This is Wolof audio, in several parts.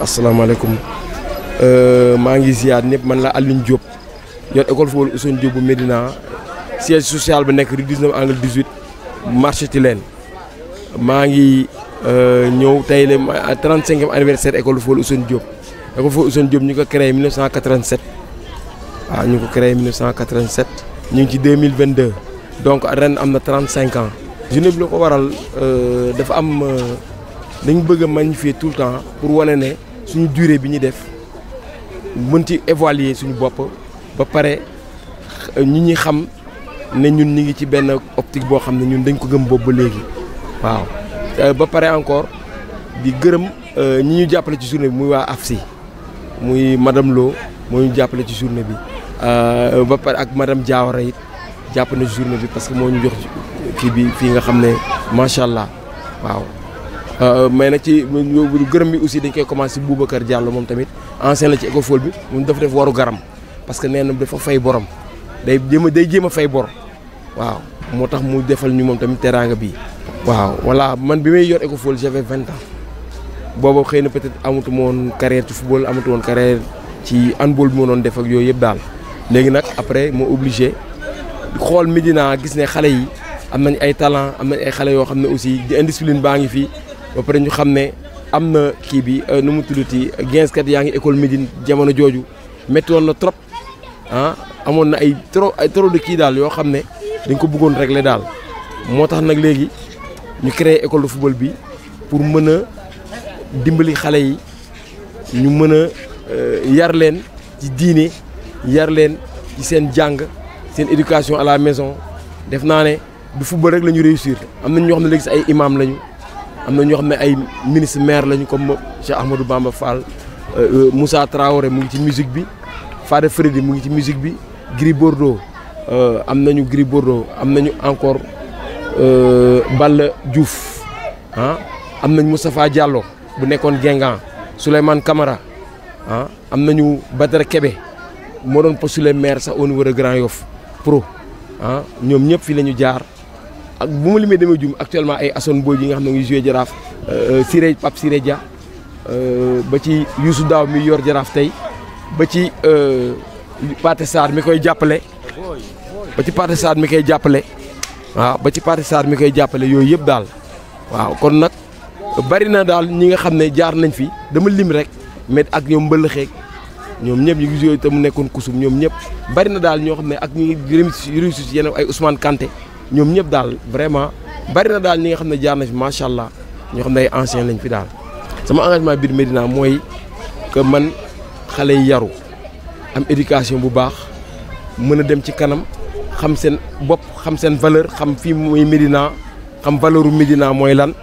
asalaamaaleykum euh, maa ngi ziar ñëpp man la Aline Diop yor école football Ousseynou Diop bu Médina siège social bi nekk rue 19 angle 18 marché Tilène maa ngi euh, ñëw tey trent cinq e anniversaire école football Ousseynou Diop école football Ousseynou ñu ko créé 1987 waaw ah, ñu ko créé 1987 ñu ngi ci 2022 donc ren am na 35 ans. journée bi la ko waral euh, dafa am dañu bëgg a fii tout le temps pour wane ne. suñu durée bi ñuy def mën ci évaluer suñu bopp ba pare ñi ñi xam ne ñun ñi ngi ci benn optique boo xam ne ñun dañ ko gëm boobu ba léegi waaw euh, ba pare encore di gërëm euh, ñi ñu jàppale ci journée bi muy waa AFSI muy madame loo moo ñu jàppale ci journée bi euh, ba pare ak madame Diawara it jàpp na ci journée bi parce que moo ñu jox kii bi fii nga xam ne macha allah waaw Euh, mais nag ci gërëm bi aussi dañ koy commencé Boubacar Diallo moom tamit ancien la ci Ecofol bi moom dafa def waru garam parce que nee na dafa fay borom day jéem day jéem a fay bor waaw moo tax mu defal ñu moom tamit teraanga bi waaw voilà man bi may yor Ecofol j'avais vingt ans boobu xëy na peut-être amatu ma woon carrière ci football amatu woon ci handball bi moo doon def ak yooyu yëpp daal léegi nag après moo obligé xool Médina gis ne xale yi am nañ ay talent am nañ ay xale yoo xam ne aussi di indiscipline baa ngi fi. ba pare ñu xam ne am na kii bi euh, nu mu tuddati ginzkat yaa ngi école Médine jamono jooju métti woon na trop ah amoon na ay trop ay trop de kii daal yoo xam ne dañ ko bëggoon régler daal moo tax nag léegi ñu créé école de football bi pour mën a dimbali xale yi ñu mën a euh, yar leen ci diine yar leen ci seen jàng seen éducation à la maison def naa ne du football rek la ñu réussir am nañ ñoo xam ne léegi si ay imam lañu. am na ñoo xam ne ay ministre lañu comme Cheikh Ahmadou Bamba Fall euh, euh, Moussa Traoré mu ngi ci musique bi Fada Freddy mu ngi ci musique bi Gris Bordeaux euh, am nañu Gris Bordeaux am nañu encore Balla Diouf ah am nañ Moustapha Diallo bu nekkoon Guingamp Souleymane Camara ah am nañu Badara kebe moo doon postulé maire sax au niveau de Grand Yoff pro ah ñoom ñëpp fii la ñu jaar ak bu ma limee demee jum actuellement ay Assane Mbodj yi nga xam ne ngi joué jaraaf euh, Siré Pape Siré Dia euh, ba ci Youssou Daaw mi yor jaraaf tey ba ci euh, Pathé Sarr mi koy jàppale ba ci Pathé Sarr mi koy jàppale waaw ba ci Pathé mi koy jàppale yooyu yëpp daal waaw kon nag bari na daal ñi nga xam ne jaar nañ fi dama lim rek mais ak ñoom xeek ñoom ñëpp ñu ngi joué te mu nekkoon kusum ñoom ñëpp bari na daal ñoo xam ne ak ñi réussir yeneen ay Ousmane Kanté ñoom ñëpp daal vraiment bari na daal ñi nga xam ne jaar na fi macha allah ñoo xam ne ay ancien lañ fi daal. sama engagement biir Medina mooy que man xale yi yaru am éducation bu baax mën a dem ci kanam xam seen bopp xam seen valeur xam fii mooy Medina xam valeuru Medina mooy lan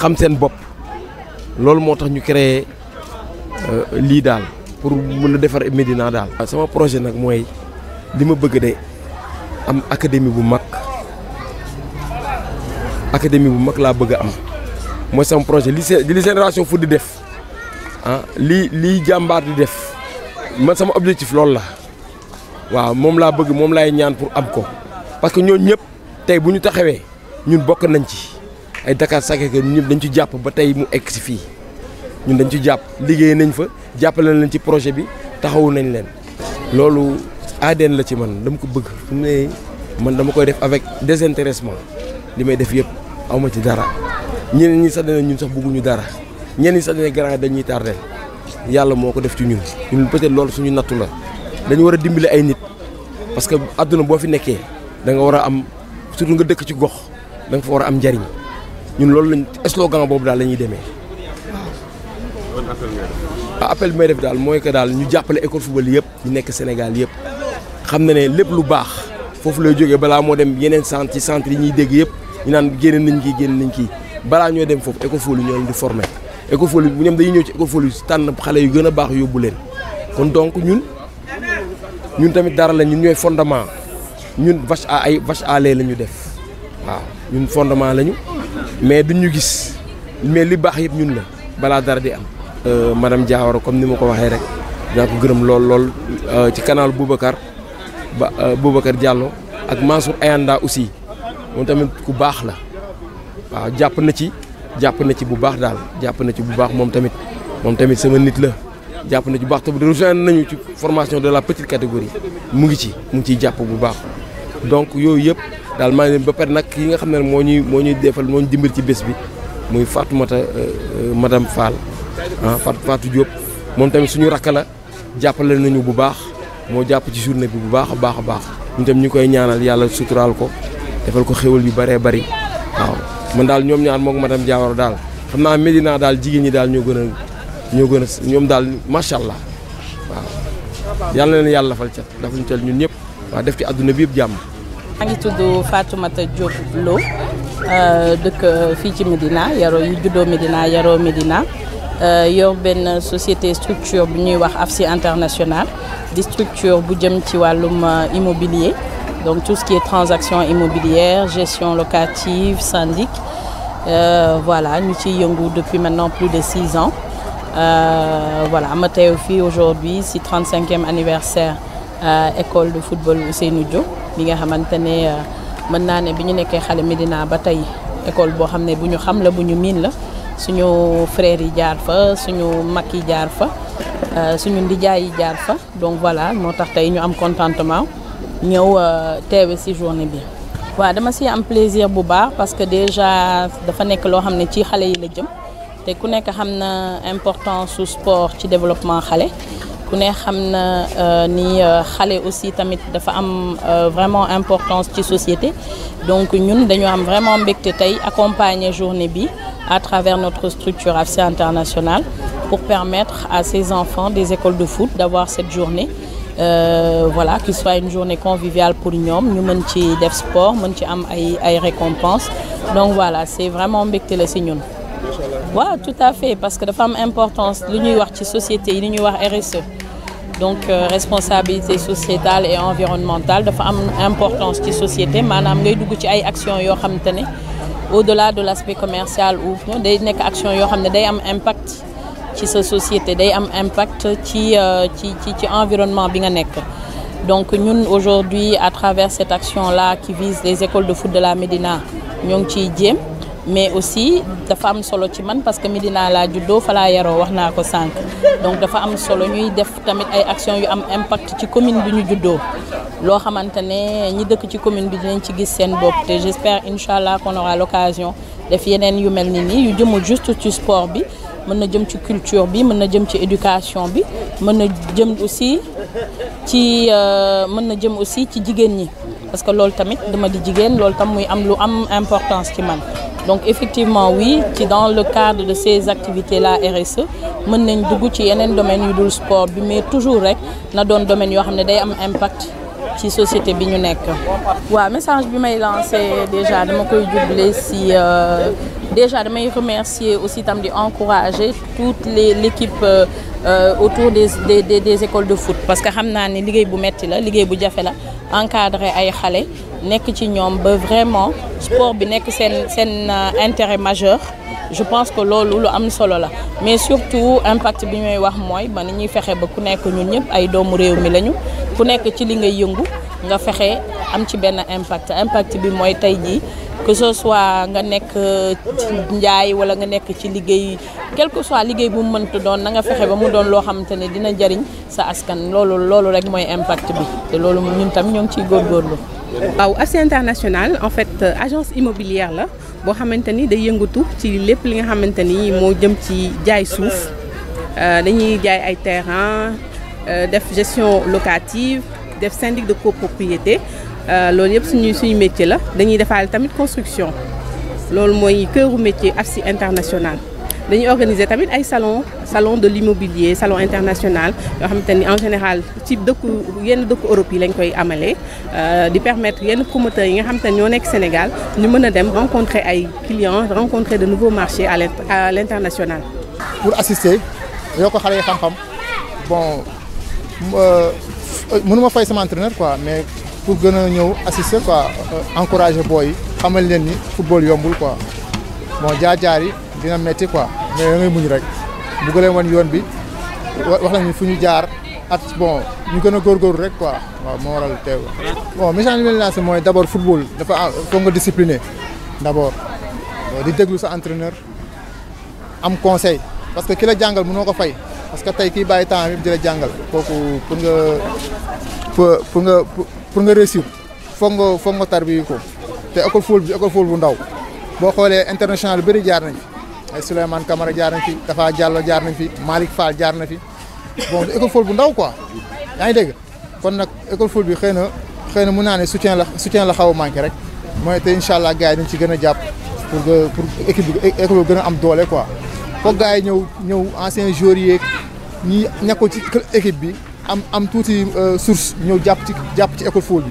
xam seen bopp loolu moo tax ñu créé euh, lii daal pour mën a defar Medina daal. sama projet nag mooy li ma bëgg de am académie bu mag. académie bu mag laa bëgg am mooy sama projet li li génération foot di def ah li lii jàmbaar di def man sama objectif loolu la waaw moom laa bëgg moom laay ñaan pour am ko parce que ñooñu ñëpp tey bu ñu taxawee ñun bokk nañ ci ay Dakar Sacré-Cœur ñun ñëpp dañ ci jàpp ba tey mu egg si fii ñun dañu ci jàpp liggéey nañ fa jàppale nañ ci projet bi taxawu nañ leen loolu ADN la ci man dama ko bëgg fu mu ne man dama koy def avec désintéressement li may def yëpp awma ci dara ñeneen ñi sa dana ñun sax bëgguñu dara ñeneen ñi sax dana grand dañuy tardé yàlla moo ko def ci ñun ñun peut-être loolu suñu nattu la dañu war a dimbali ay nit parce que àdduna boo fi nekkee danga war a am surtout nga dëkk ci gox da nga war a am njariñ ñun loolu lañ slogan boobu daal la demee waaw. Ah, appel bi may def daal mooy que daal ñu jàppale école football yëpp ñu nekk Sénégal yëpp xam na ne lépp lu baax foofu lay jógee balaa moo dem yeneen centre yi centre yi ñuy dégg yëpp. ñu naan nañ kii génne nañ kii balaa ñoo dem foofu Ecofoli ñoo leen di former Ecofoli bu ñoom dañuy ñëw ci Ecofoli tànn xale yu gën a baax leen kon donc ñun ñun tamit dara la ñun ñooy fondement ñun vache à ay vache à la ñu def waaw ñun fondement lañu mais duñ ñu gis mais li baax yëpp ñun la balaa dara di am. Euh, madame Diawara comme ni ma ko waxee rek dinaa ko gërëm lool lool euh, ci canal Boubacar ba euh, Boubacar Diallo ak Mansour Ayanda aussi. moom tamit ku baax la waaw jàpp na ci jàpp na ci bu baax daal jàpp na ci bu baax moom tamit moom tamit sama nit la jàpp na ci bu baax te rejoindre nañu ci formation de la petite catégorie mu ngi ci mu ngi ciy jàpp bu baax donc yooyu yëpp daal maa ba pare nag yi nga xam ne moo ñuy moo ñuy defal moo ñu dimbali ci bés bi muy Fatoumata euh, euh, madame Fall ah Fatou Fatou Diop moom tamit suñu rakk la jàppale nañu bu baax moo jàpp ci journée bi bu baax a baax a baax mu tam ñu koy ñaanal yàlla suturaal ko defal ko xéwal yu bëree bari waaw man daal ñoom ñaar moog madame Diawara daal xam naa Medina daal jigéen ñi daal ñoo gën a ñoo gën a ñoom daal macha allah waaw yàlla na leen yàlla fal cat dafa ñu ñun ñëpp waaw def ci àdduna bi yëpp jàmm. maa ngi tudd Fatoumata Diop Lo euh, dëkk euh, fii ci Medina yaroo yu juddoo Medina yaroo Medina euh, yor benn société structure bu ñuy wax AFSI international di structure bu jëm ci wàllum immobilier. Donc tout ce qui est transactions immobilières, gestion locative, syndic. Euh, voilà, ñu ciy yëngu depuis maintenant plus de six ans euh, voilà ma teew fii aujourd'hui si 35e anniversaire euh, école du football Ousseynou Diop li nga xamante ne euh, mën naa ne bi ñu nekkee xale Médina ba tey école boo xam ne bu ñu xam la bu ñu miin la suñu frères yi jaar fa suñu mag yi jaar fa euh, suñu ndijaay yi jaar fa donc voilà moo tax tey ñu am contentement ñëw euh, teewe si journée bi. waa dama si am plaisir bu baax parce que déjà dafa nekk loo xam ne ci xale yi la jëm te ku nekk xam na importance su sport ci développement xale ku ne xam na euh, ni euh, xale aussi tamit dafa am vraiment importance ci société donc ñun dañoo am vraiment mbégte tey accompagner journée bi à travers notre structure AFSCA International pour permetre à ces enfants des écoles de foot d'avoir cette journée Euh, voilà qu'il soit une journée conviviale pour ñoom ñu mën ci def sport mën ci am ay ay récompenses donc voilà c'est vraiment mbégte la si ñun. waaw tout à fait parce que dafa am importance lu ñuy wax ci société yi li ñuy wax RSE donc euh, responsabilité sociétale et environnementale dafa am importance ci société maanaam ngay dugg ci ay action yoo xamante ne au-delà de l'aspect commercial ou day nekk action yoo xam ne day am impact. ci sa société day am impact ci euh, ci ci ci environnement bi nga nekk donc ñun aujourd'hui à travers cette action la qui vise les écoles de foot de la Médina ñoo ngi ciy jéem mais aussi dafa am solo ci man parce que Médina laa juddoo fa laa yaroo wax naa ko sànq donc dafa am solo ñuy def tamit ay action yu am impact ci commune bi ñu juddoo loo xamante ne ñi dëkk ci commune bi dinañ ci gis seen bopp te j'espère incha allah qu'on aura l'occasion def yeneen yu mel ni nii yu jëmul juste ci bi mën na jëm ci culture bi mën na jëm ci éducation bi mën na jëm aussi ci euh, mën na jëm aussi ci jigéen ñi parce que loolu tamit dama di jigéen loolu tam muy am lu am importance ki man donc effectivement oui ci dans le cadre de ces activités la RSE mën nañ dugg ci yeneen domaines yu dul sport bi mais toujours rek na doon domaine yoo xam ne day am impact ci société bi ñu nekk waaw message bi may lancé déjà dama koy jublee si euh, déjà damay remercier aussi tam di encourager toute les l'équipe euh, euh, autour des, des des des écoles de foot parce que xam naa ni liggéey bu metti la liggéey bu jafe la encadrer ay xale nekk ci ñoom ba vraiment sport bi nekk seen seen euh, intérêt majeur je pense que loolu lu am solo la mais surtout impact bi ñuy wax mooy ba ni ñuy fexe ba ku nekk ñun ñëpp ay doomu réew mi lañu ku nekk ci li ngay yëngu nga fexe am ci benn impact impact bi mooy tey jii que ce soit nga nekk euh, ci njaay wala nga nekk ci liggéey quelque soit liggéey bu mu mënta doon na nga fexe ba mu doon loo xamante ne dina jariñ sa askan loolu loolu rek mooy impact bi te loolu ñun tam ñoo ngi ciy góorlu waaw AFSI International en fait euh, agence immobilière la boo xamante ni day yëngatu ci lépp li nga xamante ni moo jëm ci jaay suuf euh, dañuy jaay ay terrain euh, def gestion locative def syndic de copropriété loolu yëpp suñuy suñu métier la dañuy defaale tamit construction loolu mooy këru métier AFSI International dañuy organiser tamit ay salon salon de l'immobilier salon international yoo xamante ni en général ci dëkku yenn dëkku Europe yi lañ koy amalee euh, di permettre yenn promoteurs yi nga xamante ni ñoo nekk Sénégal ñu mën a dem rencontrer ay clients rencontrer de nouveaux marchés à l'international pour assister yoo ko xale yi xam-xam bon euh, mënuma fay sama entraîneur quoi mais pour gën a ñëw assister quoi euh, encourager booy yi xamal leen ni football yombul quoi bon jaar-jaar dina metti quoi mais da ngay muñ rek bugg leen wan yoon bi wax nañu fu ñu jaar at bon ñu gën a góorgóorlu rek quoi waaw moo waral teew bon message bi lancé mooy d' abord football dafa foog nga discipliné d' abord euh, di déglu sa entraîneur am conseil parce que ki la jàngal mënoo ko fay parce que tey kii bàyyi tam bi di la jàngal kooku pour nga pour nga foog nga foog nga tarbiyu ko te école football bi bu ndaw boo xoolee international bi bëri jaar nañ ay Souleymane Camara jaar nañ fi Tafa Diallo jaar nañ fi Malick Fall jaar na fi bon école foot bu ndaw quoi yaa ngi dégg kon nag école bi xëy na xëy na mun naa ne soutien la soutien la xaw manqué rek mooy te incha allah gars yi dañ ci gën a jàpp pour que pour équipe bi école gën a am doole quoi foog gars yi ñëw ñëw anciens joueurs yeeg ñi ñàkkoo ci équipe bi am am tuuti euh, source ñëw jàpp ci jàpp ci école foot bi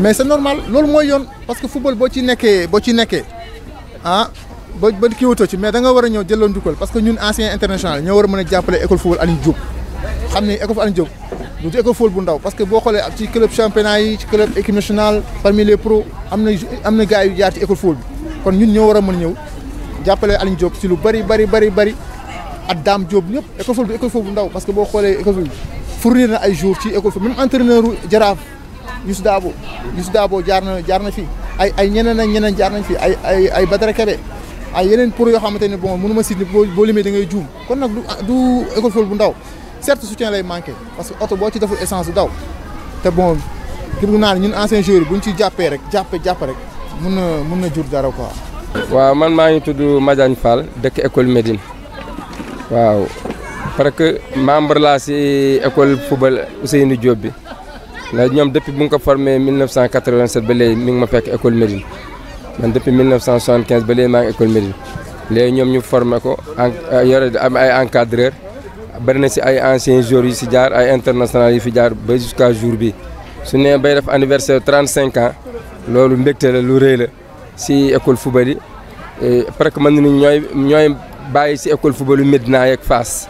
mais c'est normal loolu mooy yoon parce que football boo ci nekkee boo ci nekkee ah ba ba kiiwatoo ci mais da war a ñëw jëloon njukkal parce que ñun ancien international ñoo war a mën a jàppale école football Aliou Diop xam ni école Aliou Diop bu ndaw parce que boo xoolee ci club championnat yi ci club équipe nationale parmi le pros am na am na gars yu jaar ci école football kon ñun ñoo war a mën ñëw jàppale Aliou Diop si lu bëri bëri bëri bëri ak Dame Diop ñëpp école football bi école bu ndaw parce que boo xoolee école football fournir na ay jours ci école football même entraîneur jaraaf Youssou Dabo jaar na jaar na fii ay ay ñeneen ak ñeneen jaar nañ fii ay ay ay Badara Kebe ay yeneen pour yoo xamante ne boo mënu ma citer boo boo limee ngay juum kon nag du du école bu ndaw certes soutien lay manqué parce que oto boo ci deful essence du te bon gëm naa ne ñun anciens joueurs bu ñu ci jàppee rek jàppe jàpp rek mun na mun na jur dara quoi. waaw man maa ngi tudd Madiagne Fall dëkk école Médine waaw parce que membre laa si école football Ousseynou Diop bi ndax ñoom depuis bu nga ko formé 1987 ba léegi mi ma fekk école Médine. man depuis 1975 ba léegi maa ngi école Médine léegi ñoom ñu forme ko en euh, yore am ay encadreur bari na si ay anciens joueurs yu si jaar ay international yu fi jaar ba jusqu'à jour bi su nee bay def anniversaire 35 ans loolu mbégte la lu rëy la si école football yi parce que mën nañu ñooy ñooy bàyyi si école football yu Médina yeeg Fass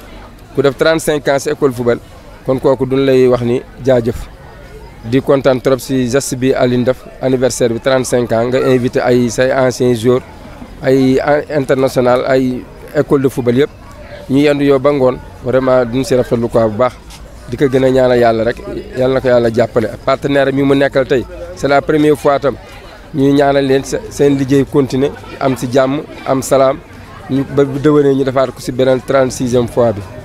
ku def 35 ans si école football kon kooku duñ lay wax ni jaajëf. di kontaan trop si geste bi Aline def anniversaire bi 35 ans nga invité ay say anciens joueurs ay international ay école de football yëpp ñu yendu yow ba ngoon vraiment duñ si rafetlu quoi bu baax di ko gën a ñaanal yàlla rek yàlla na ko yàlla jàppale partenaire bi mu nekkal tey c'est la première fois tam ñuy ñaanal leen seen liggéey continuer am si jàmm am salaam ñu ba déwénee ñu defaat ko si beneen 36e fois bi